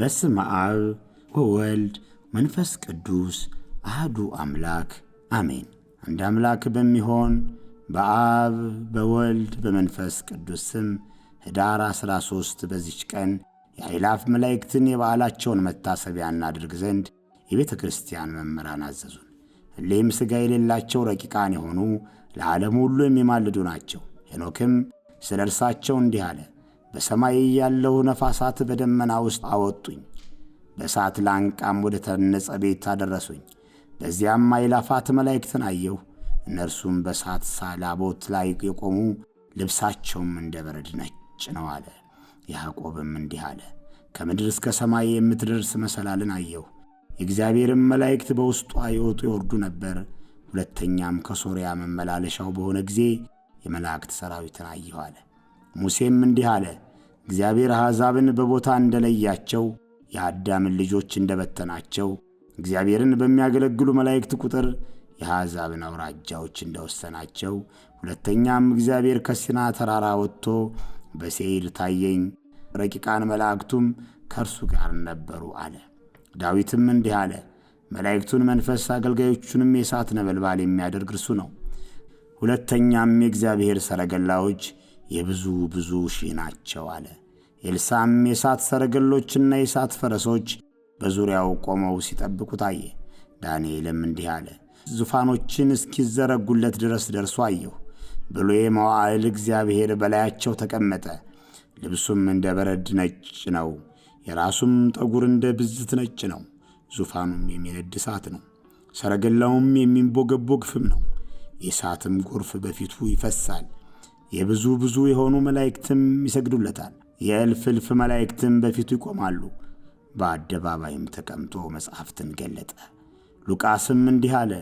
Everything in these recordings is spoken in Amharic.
በስመ አብ ወወልድ መንፈስ ቅዱስ አህዱ አምላክ አሜን። አንድ አምላክ በሚሆን በአብ በወልድ በመንፈስ ቅዱስ ስም ኅዳር 13 በዚች ቀን የአእላፍ መላእክትን የበዓላቸውን መታሰቢያ እናድርግ ዘንድ የቤተ ክርስቲያን መምህራን አዘዙን። ሁሌም ሥጋ የሌላቸው ረቂቃን የሆኑ ለዓለም ሁሉ የሚማልዱ ናቸው። ሄኖክም ስለ እርሳቸው እንዲህ አለ። በሰማይ ያለው ነፋሳት በደመና ውስጥ አወጡኝ፣ በእሳት ላንቃም ወደ ተነጸ ቤት አደረሱኝ። በዚያም አይላፋት መላእክትን አየሁ። እነርሱም በእሳት ሳላቦት ላይ የቆሙ ልብሳቸውም እንደ በረድ ነጭ ነው አለ። ያዕቆብም እንዲህ አለ፣ ከምድር እስከ ሰማይ የምትደርስ መሰላልን አየሁ። የእግዚአብሔርም መላእክት በውስጧ ይወጡ ይወርዱ ነበር። ሁለተኛም ከሶርያ መመላለሻው በሆነ ጊዜ የመላእክት ሰራዊትን አየሁ አለ። ሙሴም እንዲህ አለ፣ እግዚአብሔር አሕዛብን በቦታ እንደለያቸው የአዳምን ልጆች እንደበተናቸው እግዚአብሔርን በሚያገለግሉ መላእክት ቁጥር የአሕዛብን አውራጃዎች እንደወሰናቸው ሁለተኛም እግዚአብሔር ከሲና ተራራ ወጥቶ በሴይር ታየኝ፣ ረቂቃን መላእክቱም ከእርሱ ጋር ነበሩ አለ። ዳዊትም እንዲህ አለ፣ መላእክቱን መንፈስ አገልጋዮቹንም የእሳት ነበልባል የሚያደርግ እርሱ ነው። ሁለተኛም የእግዚአብሔር ሰረገላዎች የብዙ ብዙ ሺህ ናቸው አለ። ኤልሳም የእሳት ሰረገሎችና የእሳት ፈረሶች በዙሪያው ቆመው ሲጠብቁ ታየ። ዳንኤልም እንዲህ አለ፣ ዙፋኖችን እስኪዘረጉለት ድረስ ደርሶ አየሁ። ብሉየ መዋዕል እግዚአብሔር በላያቸው ተቀመጠ። ልብሱም እንደ በረድ ነጭ ነው። የራሱም ጠጉር እንደ ብዝት ነጭ ነው። ዙፋኑም የሚነድ እሳት ነው። ሰረገላውም የሚንቦገቦግ ፍም ነው። የእሳትም ጎርፍ በፊቱ ይፈሳል። የብዙ ብዙ የሆኑ መላእክትም ይሰግዱለታል። የእልፍ እልፍ መላእክትም በፊቱ ይቆማሉ። በአደባባይም ተቀምጦ መጽሐፍትን ገለጠ። ሉቃስም እንዲህ አለ።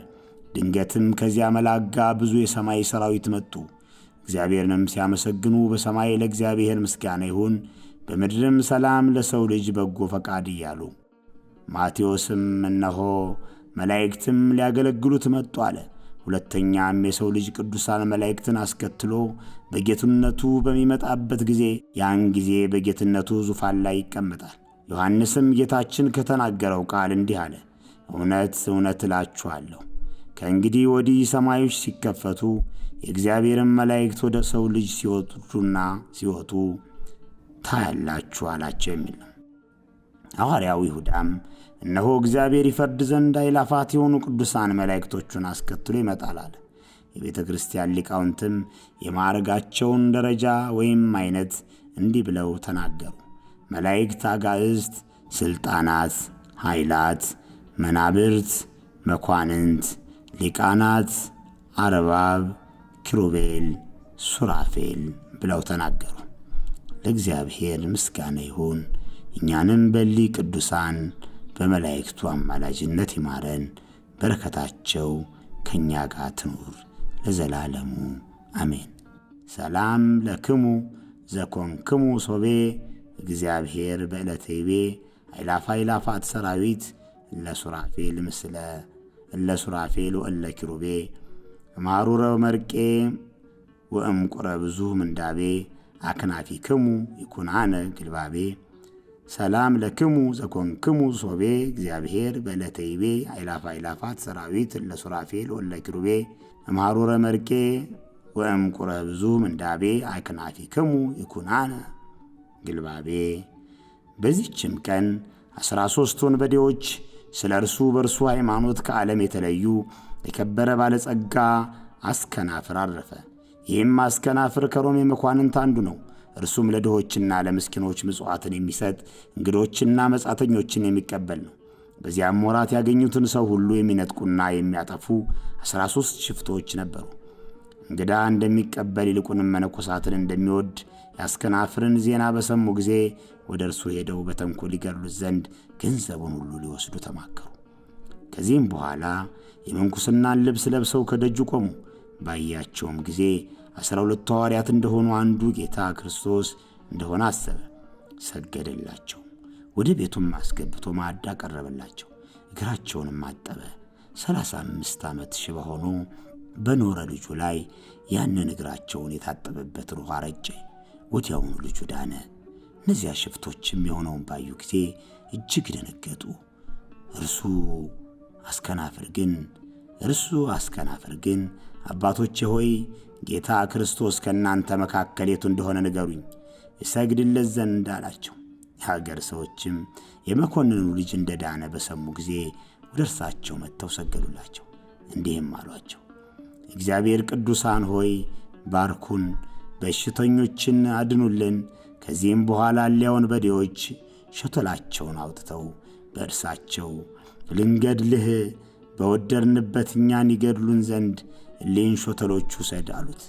ድንገትም ከዚያ መልአክ ጋር ብዙ የሰማይ ሰራዊት መጡ። እግዚአብሔርንም ሲያመሰግኑ በሰማይ ለእግዚአብሔር ምስጋና ይሁን በምድርም ሰላም ለሰው ልጅ በጎ ፈቃድ እያሉ ማቴዎስም እነሆ መላእክትም ሊያገለግሉት መጡ አለ። ሁለተኛም የሰው ልጅ ቅዱሳን መላእክትን አስከትሎ በጌትነቱ በሚመጣበት ጊዜ ያን ጊዜ በጌትነቱ ዙፋን ላይ ይቀመጣል። ዮሐንስም ጌታችን ከተናገረው ቃል እንዲህ አለ፣ እውነት እውነት እላችኋለሁ ከእንግዲህ ወዲህ ሰማዮች ሲከፈቱ የእግዚአብሔርን መላእክት ወደ ሰው ልጅ ሲወጡና ሲወጡ ታያላችሁ አላቸው የሚል ነው። ሐዋርያው ይሁዳም እነሆ እግዚአብሔር ይፈርድ ዘንድ አይላፋት የሆኑ ቅዱሳን መላእክቶቹን አስከትሎ ይመጣል አለ። የቤተ ክርስቲያን ሊቃውንትም የማዕረጋቸውን ደረጃ ወይም አይነት እንዲህ ብለው ተናገሩ። መላእክት፣ አጋዕዝት፣ ሥልጣናት፣ ኃይላት፣ መናብርት፣ መኳንንት፣ ሊቃናት፣ አርባብ፣ ኪሩቤል፣ ሱራፌል ብለው ተናገሩ። ለእግዚአብሔር ምስጋና ይሁን። እኛንም በሊ ቅዱሳን በመላእክቱ አማላጅነት ይማረን። በረከታቸው ከእኛ ጋር ትኑር ለዘላለሙ አሜን። ሰላም ለክሙ ዘኮንክሙ ሶቤ እግዚአብሔር በዕለተይቤ አይላፋ አይላፋት ሰራዊት እለ ሱራፌል ምስለ እለ ሱራፌል ወእለ ኪሩቤ ማሩረ መርቄ ወእምቁረ ብዙ ምንዳቤ አክናፊክሙ ይኩናነ ግልባቤ ሰላም ለክሙ ዘኮንክሙ ሶቤ እግዚአብሔር በለተይቤ አይላፍ አይላፋት ሰራዊት ለሱራፌል ወለኪሩቤ እምሃሩረ መርቄ ወእምቁረ ብዙ ምንዳቤ ክሙ ይኩናነ ግልባቤ። በዚችም ቀን አስራ ሦስት ወንበዴዎች ስለ እርሱ በእርሱ ሃይማኖት ከዓለም የተለዩ የከበረ ባለጸጋ አስከናፍር አረፈ። ይህም አስከናፍር ከሮሜ መኳንንት አንዱ ነው። እርሱም ለድሆችና ለምስኪኖች ምጽዋትን የሚሰጥ እንግዶችና መጻተኞችን የሚቀበል ነው። በዚያም ወራት ያገኙትን ሰው ሁሉ የሚነጥቁና የሚያጠፉ አስራ ሦስት ሽፍቶች ነበሩ። እንግዳ እንደሚቀበል ይልቁንም መነኮሳትን እንደሚወድ ያስከናፍርን ዜና በሰሙ ጊዜ ወደ እርሱ ሄደው በተንኮል ሊገድሉት ዘንድ ገንዘቡን ሁሉ ሊወስዱ ተማከሩ። ከዚህም በኋላ የምንኩስናን ልብስ ለብሰው ከደጁ ቆሙ። ባያቸውም ጊዜ አስራ ሁለቱ ሐዋርያት እንደሆኑ አንዱ ጌታ ክርስቶስ እንደሆነ አሰበ፣ ሰገደላቸው። ወደ ቤቱም አስገብቶ ማዕድ አቀረበላቸው፣ እግራቸውንም አጠበ። ሰላሳ አምስት ዓመት ሽባ ሆኖ በኖረ ልጁ ላይ ያንን እግራቸውን የታጠበበትን ውኃ ረጨ። ወዲያውኑ ልጁ ዳነ። እነዚያ ሽፍቶችም የሆነውን ባዩ ጊዜ እጅግ ደነገጡ። እርሱ አስከናፍር ግን እርሱ አስከናፍር ግን አባቶቼ ሆይ ጌታ ክርስቶስ ከእናንተ መካከል የቱ እንደሆነ ንገሩኝ እሰግድለት ዘንድ አላቸው። የሀገር ሰዎችም የመኮንኑ ልጅ እንደ ዳነ በሰሙ ጊዜ ወደ እርሳቸው መጥተው ሰገዱላቸው። እንዲህም አሏቸው፣ እግዚአብሔር ቅዱሳን ሆይ ባርኩን፣ በሽተኞችን አድኑልን። ከዚህም በኋላ ሊያውን በዴዎች ሸቶላቸውን አውጥተው በእርሳቸው ልንገድልህ በወደርንበት እኛን ይገድሉን ዘንድ እሊህን ሾተሎች ውሰድ አሉት።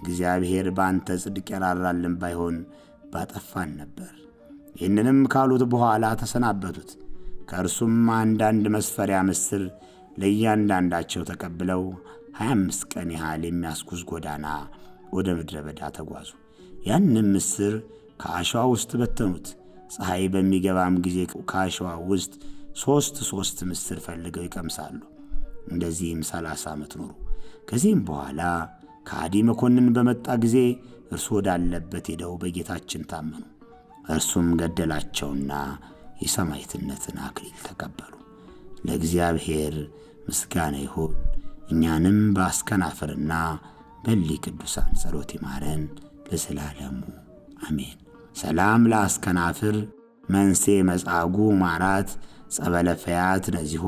እግዚአብሔር በአንተ ጽድቅ ያራራልን ባይሆን ባጠፋን ነበር። ይህንንም ካሉት በኋላ ተሰናበቱት። ከእርሱም አንዳንድ መስፈሪያ ምስር ለእያንዳንዳቸው ተቀብለው 25 አምስት ቀን ያህል የሚያስጉዝ ጎዳና ወደ ምድረ በዳ ተጓዙ። ያንም ምስር ከአሸዋ ውስጥ በተኑት። ፀሐይ በሚገባም ጊዜ ከአሸዋ ውስጥ ሦስት ሦስት ምስር ፈልገው ይቀምሳሉ። እንደዚህም ሰላሳ ዓመት ኖሩ። ከዚህም በኋላ ከአዲ መኮንን በመጣ ጊዜ እርሱ ወዳለበት ሄደው በጌታችን ታመኑ። እርሱም ገደላቸውና የሰማዕትነትን አክሊል ተቀበሉ። ለእግዚአብሔር ምስጋና ይሁን። እኛንም በአስከናፍርና በሊ ቅዱሳን ጸሎት ይማረን ለዘላለሙ አሜን። ሰላም ለአስከናፍር መንሴ መጻጉ ማራት ጸበለፈያት ነዚሆ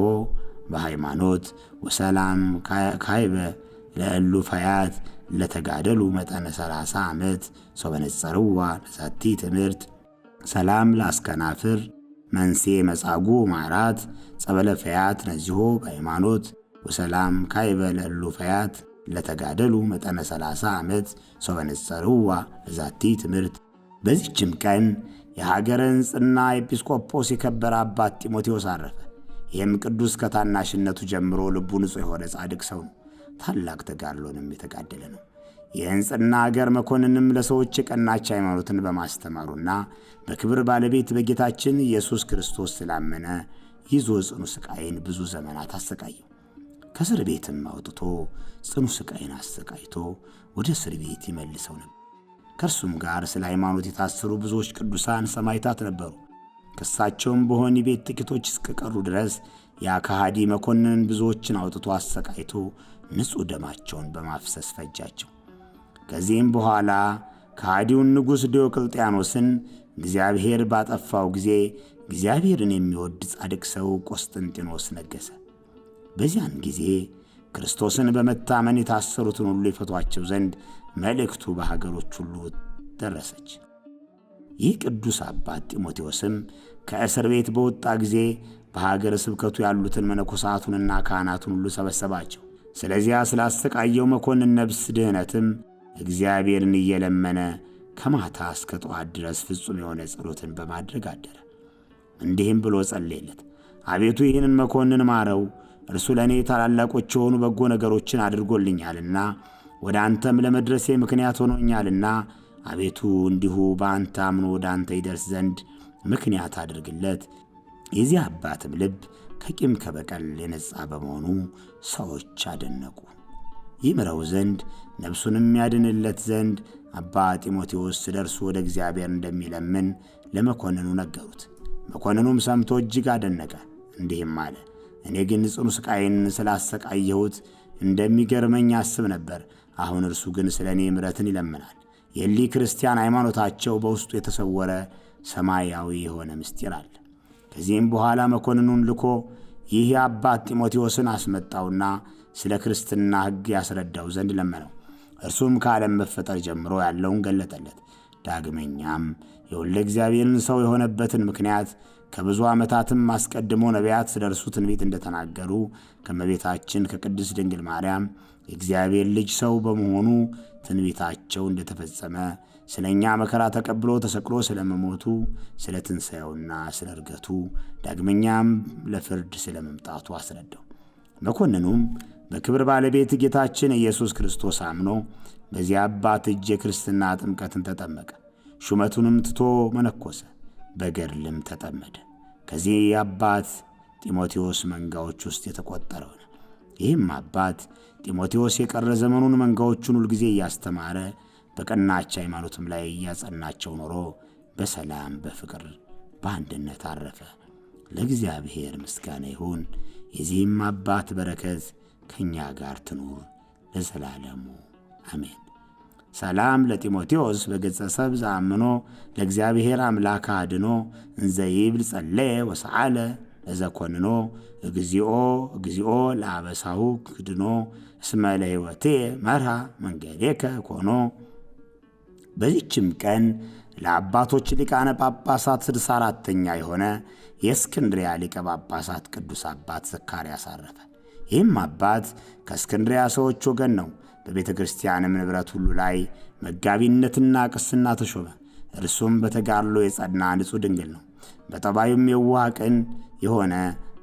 በሃይማኖት ወሰላም ካይበ ፈያት ለተጋደሉ መጠነ 30 ዓመት ሶበነጸርዋ ለዛቲ ትምህርት ሰላም ላስከናፍር መንሴ መጻጉ ማራት ጸበለ ፈያት ነዚሆ በሃይማኖት ወሰላም ካይበ ካይበለ ፈያት ለተጋደሉ መጠነ 30 ዓመት ሶበነጸርዋ ለዛቲ ትምህርት። በዚችም ቀን የሀገረ ሕንጽና ኤጲስቆጶስ የከበረ አባት ጢሞቴዎስ አረፈ። ይህም ቅዱስ ከታናሽነቱ ጀምሮ ልቡ ንጹሕ የሆነ ጻድቅ ሰው ነው። ታላቅ ተጋድሎንም የተጋደለ ነው። የህንጽና አገር መኮንንም ለሰዎች የቀናች ሃይማኖትን በማስተማሩና በክብር ባለቤት በጌታችን ኢየሱስ ክርስቶስ ስላመነ ይዞ ጽኑ ሥቃይን ብዙ ዘመናት አሰቃየው። ከእስር ቤትም አውጥቶ ጽኑ ሥቃይን አሰቃይቶ ወደ እስር ቤት ይመልሰው ነበር። ከእርሱም ጋር ስለ ሃይማኖት የታሰሩ ብዙዎች ቅዱሳን ሰማይታት ነበሩ። ከእሳቸውም በሆን ቤት ጥቂቶች እስከቀሩ ድረስ ያ ከሃዲ መኮንን ብዙዎችን አውጥቶ አሰቃይቶ ንጹሕ ደማቸውን በማፍሰስ ፈጃቸው። ከዚህም በኋላ ከሃዲውን ንጉሥ ዲዮቅልጥያኖስን እግዚአብሔር ባጠፋው ጊዜ እግዚአብሔርን የሚወድ ጻድቅ ሰው ቆስጥንጢኖስ ነገሰ በዚያን ጊዜ ክርስቶስን በመታመን የታሰሩትን ሁሉ ይፈቷቸው ዘንድ መልእክቱ በሀገሮች ሁሉ ደረሰች። ይህ ቅዱስ አባት ጢሞቴዎስም ከእስር ቤት በወጣ ጊዜ በሀገረ ስብከቱ ያሉትን መነኮሳቱንና ካህናቱን ሁሉ ሰበሰባቸው። ስለዚያ ስላሰቃየው መኮንን ነብስ ድህነትም እግዚአብሔርን እየለመነ ከማታ እስከ ጠዋት ድረስ ፍጹም የሆነ ጸሎትን በማድረግ አደረ። እንዲህም ብሎ ጸለየለት፣ አቤቱ ይህንን መኮንን ማረው፣ እርሱ ለእኔ ታላላቆች የሆኑ በጎ ነገሮችን አድርጎልኛልና ወደ አንተም ለመድረሴ ምክንያት ሆኖኛልና አቤቱ እንዲሁ በአንተ አምኖ ወደ አንተ ይደርስ ዘንድ ምክንያት አድርግለት። የዚህ አባትም ልብ ከቂም ከበቀል የነጻ በመሆኑ ሰዎች አደነቁ። ይምረው ዘንድ ነፍሱንም ያድንለት ዘንድ አባ ጢሞቴዎስ ደርሱ ወደ እግዚአብሔር እንደሚለምን ለመኮንኑ ነገሩት። መኮንኑም ሰምቶ እጅግ አደነቀ፣ እንዲህም አለ። እኔ ግን ጽኑ ስቃይን ስላሰቃየሁት እንደሚገርመኝ አስብ ነበር። አሁን እርሱ ግን ስለ እኔ ምረትን ይለምናል። የሊ ክርስቲያን ሃይማኖታቸው በውስጡ የተሰወረ ሰማያዊ የሆነ ምስጢር አለ። ከዚህም በኋላ መኮንኑን ልኮ ይህ አባት ጢሞቴዎስን አስመጣውና ስለ ክርስትና ሕግ ያስረዳው ዘንድ ለመነው። እርሱም ከዓለም መፈጠር ጀምሮ ያለውን ገለጠለት። ዳግመኛም የወልደ እግዚአብሔርን ሰው የሆነበትን ምክንያት ከብዙ ዓመታትም አስቀድሞ ነቢያት ስለ እርሱ ትንቢት እንደተናገሩ ከመቤታችን ከቅድስት ድንግል ማርያም የእግዚአብሔር ልጅ ሰው በመሆኑ ትንቢታቸው እንደተፈጸመ ስለ እኛ መከራ ተቀብሎ ተሰቅሎ ስለመሞቱ ስለ ትንሣኤውና ስለ እርገቱ ዳግመኛም ለፍርድ ስለ መምጣቱ አስረዳው። መኮንኑም በክብር ባለቤት ጌታችን ኢየሱስ ክርስቶስ አምኖ በዚህ አባት እጅ የክርስትና ጥምቀትን ተጠመቀ። ሹመቱንም ትቶ መነኮሰ። በገድልም ተጠመደ። ከዚህ የአባት ጢሞቴዎስ መንጋዎች ውስጥ የተቆጠረው ነው። ይህም አባት ጢሞቴዎስ የቀረ ዘመኑን መንጋዎቹን ሁልጊዜ እያስተማረ በቀናች ሃይማኖትም ላይ እያጸናቸው ኖሮ በሰላም በፍቅር በአንድነት አረፈ። ለእግዚአብሔር ምስጋና ይሁን። የዚህም አባት በረከት ከእኛ ጋር ትኑር ለዘላለሙ አሜን። ሰላም ለጢሞቴዎስ በገጸ ሰብ ዘአምኖ ለእግዚአብሔር አምላክ አድኖ እንዘይብል ጸለየ ወሰዓለ ለዘኮንኖ እግዚኦ እግዚኦ ለአበሳሁ ክድኖ እስመ ለሕይወቴ መርሃ መንገዴከ ኮኖ። በዚችም ቀን ለአባቶች ሊቃነ ጳጳሳት ስድሳ አራተኛ የሆነ የእስክንድሪያ ሊቀ ጳጳሳት ቅዱስ አባት ዘካርያስ አረፈ። ይህም አባት ከእስክንድሪያ ሰዎች ወገን ነው። በቤተ ክርስቲያንም ንብረት ሁሉ ላይ መጋቢነትና ቅስና ተሾመ። እርሱም በተጋድሎ የጸና ንጹሕ ድንግል ነው። በጠባዩም የዋህ ቅን የሆነ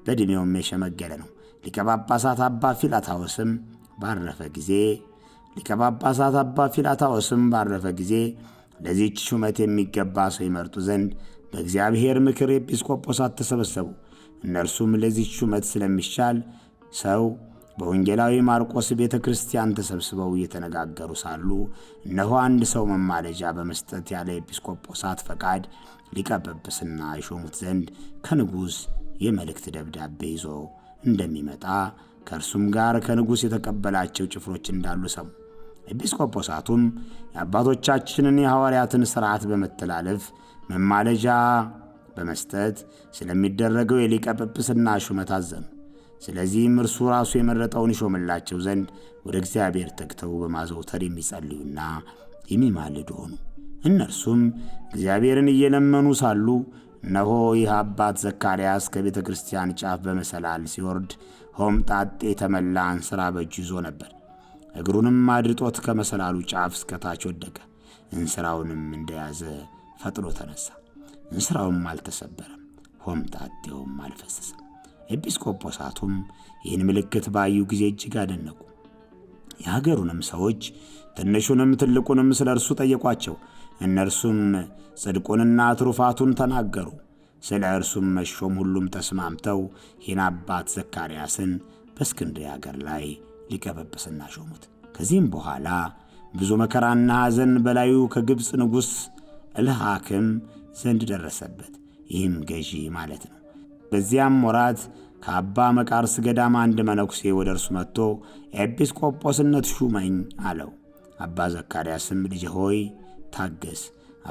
በዕድሜውም የሸመገለ ነው። ሊቀ ጳጳሳት አባ ፊላታዎስም ባረፈ ጊዜ ሊቀ ጳጳሳት አባ ፊላታዎስም ባረፈ ጊዜ ለዚች ሹመት የሚገባ ሰው ይመርጡ ዘንድ በእግዚአብሔር ምክር ኤጲስቆጶሳት ተሰበሰቡ። እነርሱም ለዚች ሹመት ስለሚሻል ሰው በወንጌላዊ ማርቆስ ቤተ ክርስቲያን ተሰብስበው እየተነጋገሩ ሳሉ እነሆ አንድ ሰው መማለጃ በመስጠት ያለ ኤጲስቆጶሳት ፈቃድ ሊቀ ጵጵስና ይሾሙት ዘንድ ከንጉሥ የመልእክት ደብዳቤ ይዞ እንደሚመጣ ከእርሱም ጋር ከንጉሥ የተቀበላቸው ጭፍሮች እንዳሉ ሰሙ። ኤጲስቆጶሳቱም የአባቶቻችንን የሐዋርያትን ሥርዓት በመተላለፍ መማለጃ በመስጠት ስለሚደረገው የሊቀ ጵጵስና ሹመት አዘኑ። ስለዚህም እርሱ ራሱ የመረጠውን ይሾምላቸው ዘንድ ወደ እግዚአብሔር ተግተው በማዘውተር የሚጸልዩና የሚማልድ ሆኑ። እነርሱም እግዚአብሔርን እየለመኑ ሳሉ እነሆ ይህ አባት ዘካርያስ ከቤተ ክርስቲያን ጫፍ በመሰላል ሲወርድ ሆምጣጤ የተመላ እንስራ በእጁ ይዞ ነበር። እግሩንም አድጦት ከመሰላሉ ጫፍ እስከታች ወደቀ። እንስራውንም እንደያዘ ፈጥኖ ተነሳ። እንስራውም አልተሰበረም፣ ሆምጣጤውም አልፈሰሰም። ኤጲስቆጶሳቱም ይህን ምልክት ባዩ ጊዜ እጅግ አደነቁ። የሀገሩንም ሰዎች ትንሹንም ትልቁንም ስለ እርሱ ጠየቋቸው። እነርሱም ጽድቁንና ትሩፋቱን ተናገሩ። ስለ እርሱም መሾም ሁሉም ተስማምተው ይህን አባት ዘካርያስን በእስክንድርያ አገር ላይ ሊቀ ጵጵስና ሾሙት። ከዚህም በኋላ ብዙ መከራና ሐዘን በላዩ ከግብፅ ንጉሥ እልሃክም ዘንድ ደረሰበት። ይህም ገዢ ማለት ነው። በዚያም ወራት ከአባ መቃርስ ገዳም አንድ መነኩሴ ወደ እርሱ መጥቶ ኤጲስቆጶስነት ሹመኝ አለው። አባ ዘካርያስም ልጅ ሆይ ታገስ፣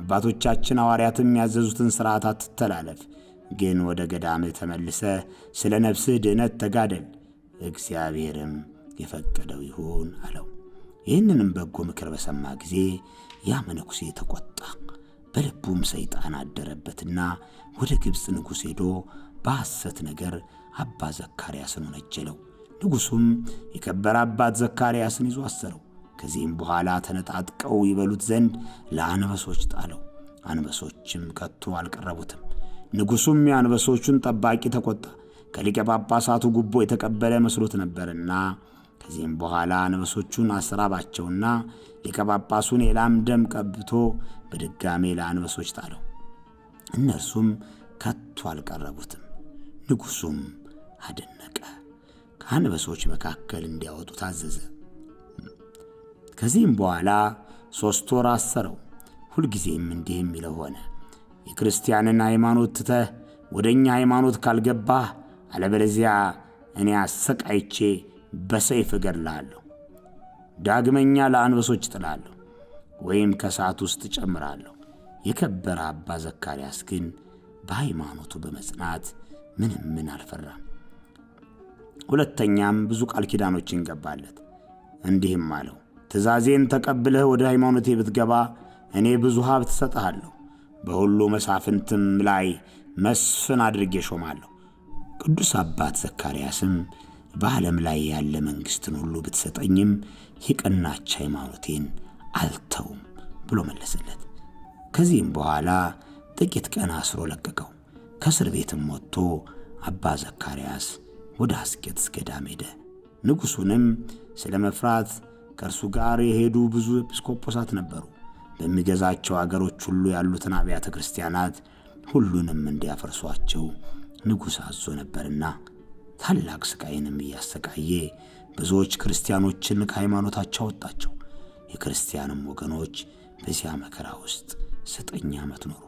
አባቶቻችን ሐዋርያትም ያዘዙትን ሥርዓት አትተላለፍ፣ ግን ወደ ገዳምህ ተመልሰ ስለ ነፍስህ ድኅነት ተጋደል፣ እግዚአብሔርም የፈቀደው ይሁን አለው። ይህንንም በጎ ምክር በሰማ ጊዜ ያ መነኩሴ ተቆጣ፣ በልቡም ሰይጣን አደረበትና ወደ ግብፅ ንጉሥ ሄዶ በሐሰት ነገር አባ ዘካርያስን ወነጀለው። ንጉሡም የከበረ አባት ዘካርያስን ይዞ አሰረው። ከዚህም በኋላ ተነጣጥቀው ይበሉት ዘንድ ለአንበሶች ጣለው። አንበሶችም ከቶ አልቀረቡትም። ንጉሡም የአንበሶቹን ጠባቂ ተቆጣ፣ ከሊቀ ጳጳሳቱ ጉቦ የተቀበለ መስሎት ነበርና። ከዚህም በኋላ አንበሶቹን አስራባቸውና ሊቀ ጳጳሱን የላም ደም ቀብቶ በድጋሜ ለአንበሶች ጣለው። እነርሱም ከቶ አልቀረቡትም። ንጉሡም አደነቀ። ከአንበሶች መካከል እንዲያወጡ ታዘዘ። ከዚህም በኋላ ሦስት ወር አሰረው። ሁልጊዜም እንዲህ የሚለው ሆነ፣ የክርስቲያንን ሃይማኖት ትተህ ወደ እኛ ሃይማኖት ካልገባህ፣ አለበለዚያ እኔ አሰቃይቼ በሰይፍ እገድልሃለሁ፣ ዳግመኛ ለአንበሶች ጥላለሁ፣ ወይም ከሰዓት ውስጥ እጨምራለሁ። የከበረ አባ ዘካርያስ ግን በሃይማኖቱ በመጽናት ምንም ምን አልፈራም። ሁለተኛም ብዙ ቃል ኪዳኖችን ገባለት። እንዲህም አለው፣ ትእዛዜን ተቀብለህ ወደ ሃይማኖቴ ብትገባ እኔ ብዙ ሀብት እሰጥሃለሁ፣ በሁሉ መሳፍንትም ላይ መስፍን አድርጌ ሾማለሁ። ቅዱስ አባት ዘካርያስም በዓለም ላይ ያለ መንግሥትን ሁሉ ብትሰጠኝም ይቅናች ሃይማኖቴን አልተውም ብሎ መለሰለት። ከዚህም በኋላ ጥቂት ቀን አስሮ ለቀቀው። ከእስር ቤትም ወጥቶ አባ ዘካርያስ ወደ አስቄጥስ ገዳም ሄደ። ንጉሡንም ስለ መፍራት ከእርሱ ጋር የሄዱ ብዙ ኤጲስቆጶሳት ነበሩ። በሚገዛቸው አገሮች ሁሉ ያሉትን አብያተ ክርስቲያናት ሁሉንም እንዲያፈርሷቸው ንጉሥ አዞ ነበርና ታላቅ ሥቃይንም እያሰቃየ ብዙዎች ክርስቲያኖችን ከሃይማኖታቸው አወጣቸው። የክርስቲያንም ወገኖች በዚያ መከራ ውስጥ ዘጠኝ ዓመት ኖሩ።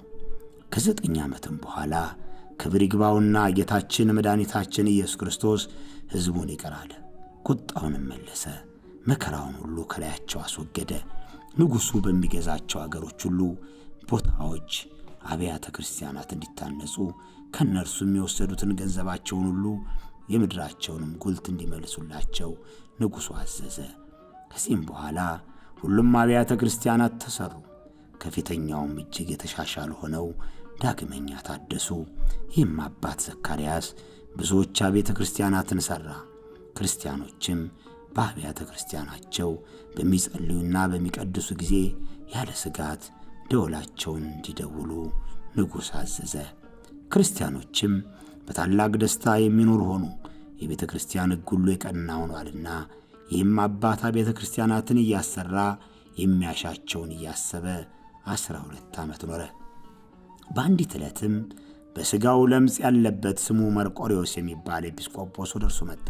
ከዘጠኝ ዓመትም በኋላ ክብር ይግባውና ጌታችን መድኃኒታችን ኢየሱስ ክርስቶስ ሕዝቡን ይቀራል ቁጣውንም መለሰ፣ መከራውን ሁሉ ከላያቸው አስወገደ። ንጉሡ በሚገዛቸው አገሮች ሁሉ ቦታዎች፣ አብያተ ክርስቲያናት እንዲታነጹ ከእነርሱ የሚወሰዱትን ገንዘባቸውን ሁሉ የምድራቸውንም ጉልት እንዲመልሱላቸው ንጉሡ አዘዘ። ከዚህም በኋላ ሁሉም አብያተ ክርስቲያናት ተሠሩ፣ ከፊተኛውም እጅግ የተሻሻሉ ሆነው ዳግመኛ ታደሱ። ይህም አባት ዘካርያስ ብዙዎች አብያተ ክርስቲያናትን ሠራ። ክርስቲያኖችም በአብያተ ክርስቲያናቸው በሚጸልዩና በሚቀድሱ ጊዜ ያለ ስጋት ደወላቸውን እንዲደውሉ ንጉሥ አዘዘ። ክርስቲያኖችም በታላቅ ደስታ የሚኖር ሆኑ፣ የቤተ ክርስቲያን ሕግ ሁሉ የቀና ሆኗልና። ይህም አባት አብያተ ክርስቲያናትን እያሠራ የሚያሻቸውን እያሰበ ዐሥራ ሁለት ዓመት ኖረ። በአንዲት ዕለትም በሥጋው ለምጽ ያለበት ስሙ መርቆሪዎስ የሚባል ኤጲስቆጶስ ወደ እርሱ መጣ።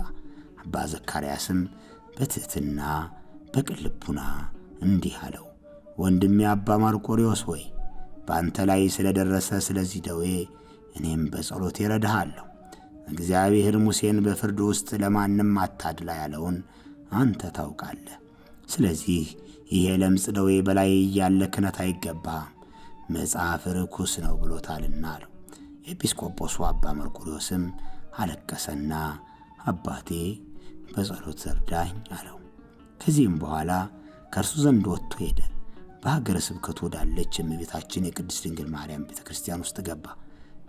አባ ዘካርያስም በትሕትና በቅልቡና እንዲህ አለው፣ ወንድሜ አባ መርቆሪዎስ ሆይ በአንተ ላይ ስለደረሰ ስለዚህ ደዌ እኔም በጸሎት ይረዳሃለሁ። እግዚአብሔር ሙሴን በፍርድ ውስጥ ለማንም አታድላ ያለውን አንተ ታውቃለህ። ስለዚህ ይሄ ለምጽ ደዌ በላይ እያለ ክነት አይገባህም። መጽሐፍ ርኩስ ነው ብሎታልና አሉ። ኤጲስቆጶሱ አባ መርቆሪዎስም አለቀሰና አባቴ በጸሎት ዘርዳኝ አለው። ከዚህም በኋላ ከእርሱ ዘንድ ወጥቶ ሄደ። በሀገረ ስብከቱ ወዳለች የእመቤታችን የቅድስት ድንግል ማርያም ቤተ ክርስቲያን ውስጥ ገባ።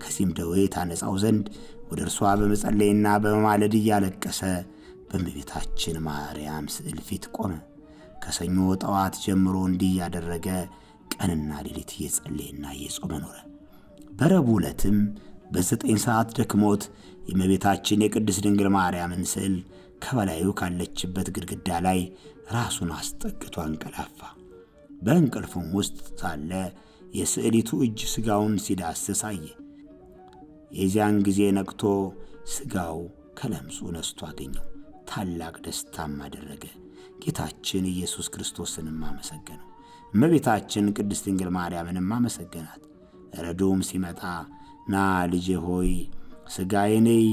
ከዚህም ደዌ ታነጻው ዘንድ ወደ እርሷ በመጸለይና በመማለድ እያለቀሰ በእመቤታችን ማርያም ስዕል ፊት ቆመ። ከሰኞ ጠዋት ጀምሮ እንዲህ እያደረገ ቀንና ሌሊት እየጸለየና እየጾመ ኖረ። በረቡዕ ዕለትም በዘጠኝ ሰዓት ደክሞት የእመቤታችን የቅድስት ድንግል ማርያምን ስዕል ከበላዩ ካለችበት ግድግዳ ላይ ራሱን አስጠግቶ አንቀላፋ። በእንቅልፉም ውስጥ ሳለ የስዕሊቱ እጅ ሥጋውን ሲዳስስ አየ። የዚያን ጊዜ ነቅቶ ሥጋው ከለምጹ ነስቶ አገኘው። ታላቅ ደስታም አደረገ። ጌታችን ኢየሱስ ክርስቶስንም አመሰገነው። እመቤታችን ቅድስት ድንግል ማርያምንም አመሰገናት። ረዱም ሲመጣ ና ልጄ ሆይ ሥጋዬ ነይ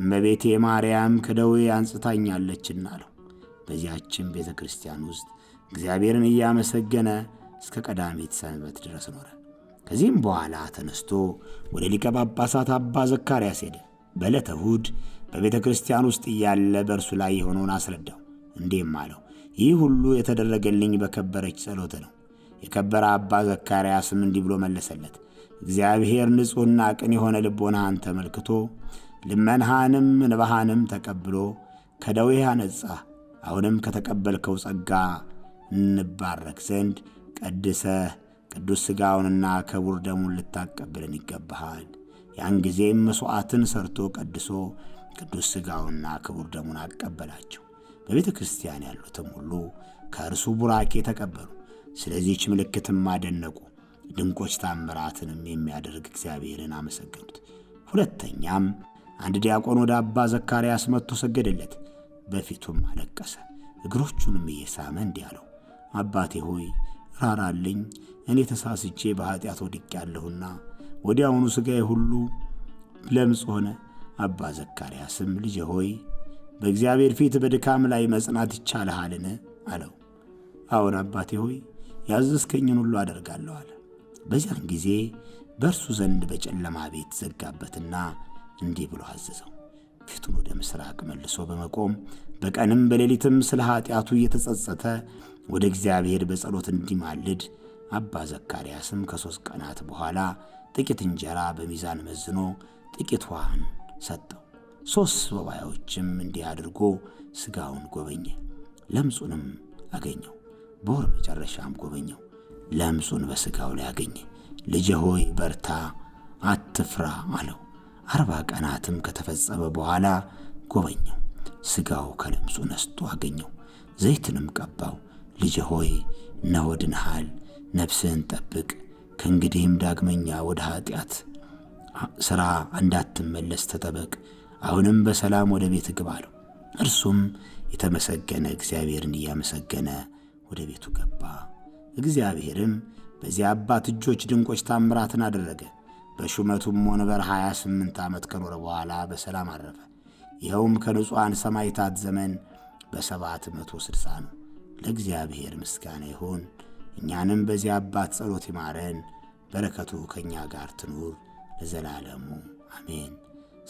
እመቤቴ ማርያም ከደዌ አንጽታኛለችና አለው። በዚያችን ቤተ ክርስቲያን ውስጥ እግዚአብሔርን እያመሰገነ እስከ ቀዳሚት ሰንበት ድረስ ኖረ። ከዚህም በኋላ ተነስቶ ወደ ሊቀ ጳጳሳት አባ ዘካርያስ ሄደ። በዕለተ እሑድ በቤተ ክርስቲያን ውስጥ እያለ በእርሱ ላይ የሆነውን አስረዳው። እንዲህም አለው፣ ይህ ሁሉ የተደረገልኝ በከበረች ጸሎት ነው። የከበረ አባ ዘካርያስም እንዲህ ብሎ መለሰለት። እግዚአብሔር ንጹሕና ቅን የሆነ ልቦናህን ተመልክቶ ልመናህንም እንባህንም ተቀብሎ ከደዌህ አነጻህ። አሁንም ከተቀበልከው ጸጋ እንባረክ ዘንድ ቀድሰህ ቅዱስ ሥጋውንና ክቡር ደሙን ልታቀብልን ይገባሃል። ያን ጊዜም መሥዋዕትን ሰርቶ ቀድሶ ቅዱስ ሥጋውንና ክቡር ደሙን አቀበላቸው። በቤተ ክርስቲያን ያሉትም ሁሉ ከእርሱ ቡራኬ ተቀበሉ። ስለዚች ምልክትም አደነቁ፣ ድንቆች ታምራትንም የሚያደርግ እግዚአብሔርን አመሰገኑት። ሁለተኛም አንድ ዲያቆን ወደ አባ ዘካርያስ መጥቶ ሰገደለት፣ በፊቱም አለቀሰ። እግሮቹንም እየሳመ እንዲህ አለው፣ አባቴ ሆይ ራራልኝ፣ እኔ ተሳስቼ በኃጢአት ወድቄአለሁና። ወዲያውኑ ሥጋዬ ሁሉ ለምጽ ሆነ። አባ ዘካርያስም ልጄ ሆይ በእግዚአብሔር ፊት በድካም ላይ መጽናት ይቻልሃልን? አለው። አዎን አባቴ ሆይ ያዘዝከኝን ሁሉ አደርጋለሁ አለ። በዚያን ጊዜ በእርሱ ዘንድ በጨለማ ቤት ዘጋበትና እንዲህ ብሎ አዘዘው፣ ፊቱን ወደ ምስራቅ መልሶ በመቆም በቀንም በሌሊትም ስለ ኃጢአቱ እየተጸጸተ ወደ እግዚአብሔር በጸሎት እንዲማልድ አባ ዘካርያስም ከሦስት ቀናት በኋላ ጥቂት እንጀራ በሚዛን መዝኖ ጥቂት ውሃን ሰጠው። ሦስት ወባያዎችም እንዲህ አድርጎ ሥጋውን ጎበኘ፣ ለምጹንም አገኘው። በወር መጨረሻም ጎበኘው። ለምጹን በሥጋው ላይ አገኘ። ልጅ ሆይ በርታ፣ አትፍራ አለው። አርባ ቀናትም ከተፈጸመ በኋላ ጎበኘው። ሥጋው ከለምጹ ነስቶ አገኘው። ዘይትንም ቀባው። ልጅ ሆይ እነሆ ድነሃል፣ ነፍስህን ጠብቅ። ከእንግዲህም ዳግመኛ ወደ ኃጢአት ሥራ እንዳትመለስ ተጠበቅ። አሁንም በሰላም ወደ ቤት ግባ አለው። እርሱም የተመሰገነ እግዚአብሔርን እያመሰገነ ወደ ቤቱ ገባ። እግዚአብሔርም በዚያ አባት እጆች ድንቆች ታምራትን አደረገ። በሹመቱም ወንበር 28 ዓመት ከኖረ በኋላ በሰላም አረፈ። ይኸውም ከንጹሐን ሰማይታት ዘመን በ760 ነው። ለእግዚአብሔር ምስጋና ይሁን። እኛንም በዚያ አባት ጸሎት ይማረን፣ በረከቱ ከእኛ ጋር ትኑር ለዘላለሙ አሜን።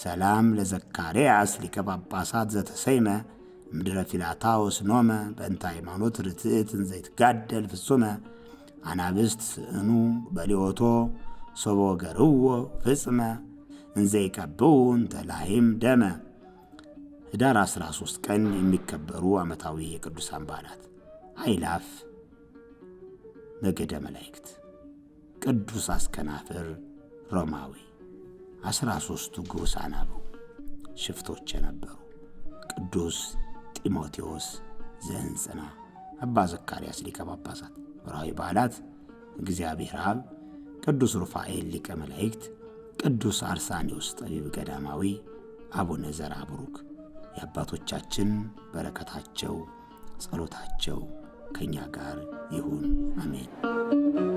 ሰላም ለዘካርያስ ሊቀ ጳጳሳት ዘተሰይመ ምድረ ፊላታዎስ ኖመ በእንተ ሃይማኖት ርትዕት እንዘይትጋደል ፍጹመ አናብስት ስእኑ በሊኦቶ ሶቦ ገርዎ ፍጽመ እንዘይቀብኡ እንተላሂም ደመ። ህዳር 13 ቀን የሚከበሩ ዓመታዊ የቅዱሳን በዓላት አይላፍ ነገደ መላእክት፣ ቅዱስ አስከናፍር ሮማዊ፣ አስራ ሦስቱ ግዑሳን አበው ሽፍቶች የነበሩ ቅዱስ ጢሞቴዎስ ዘንጽና አባ ዘካርያስ ሊቀ ጳጳሳት። ወርሃዊ በዓላት እግዚአብሔር አብ፣ ቅዱስ ሩፋኤል ሊቀ መላእክት፣ ቅዱስ አርሳኔዎስ ጠቢብ ገዳማዊ፣ አቡነ ዘርአ ቡሩክ። የአባቶቻችን በረከታቸው ጸሎታቸው ከእኛ ጋር ይሁን፣ አሜን።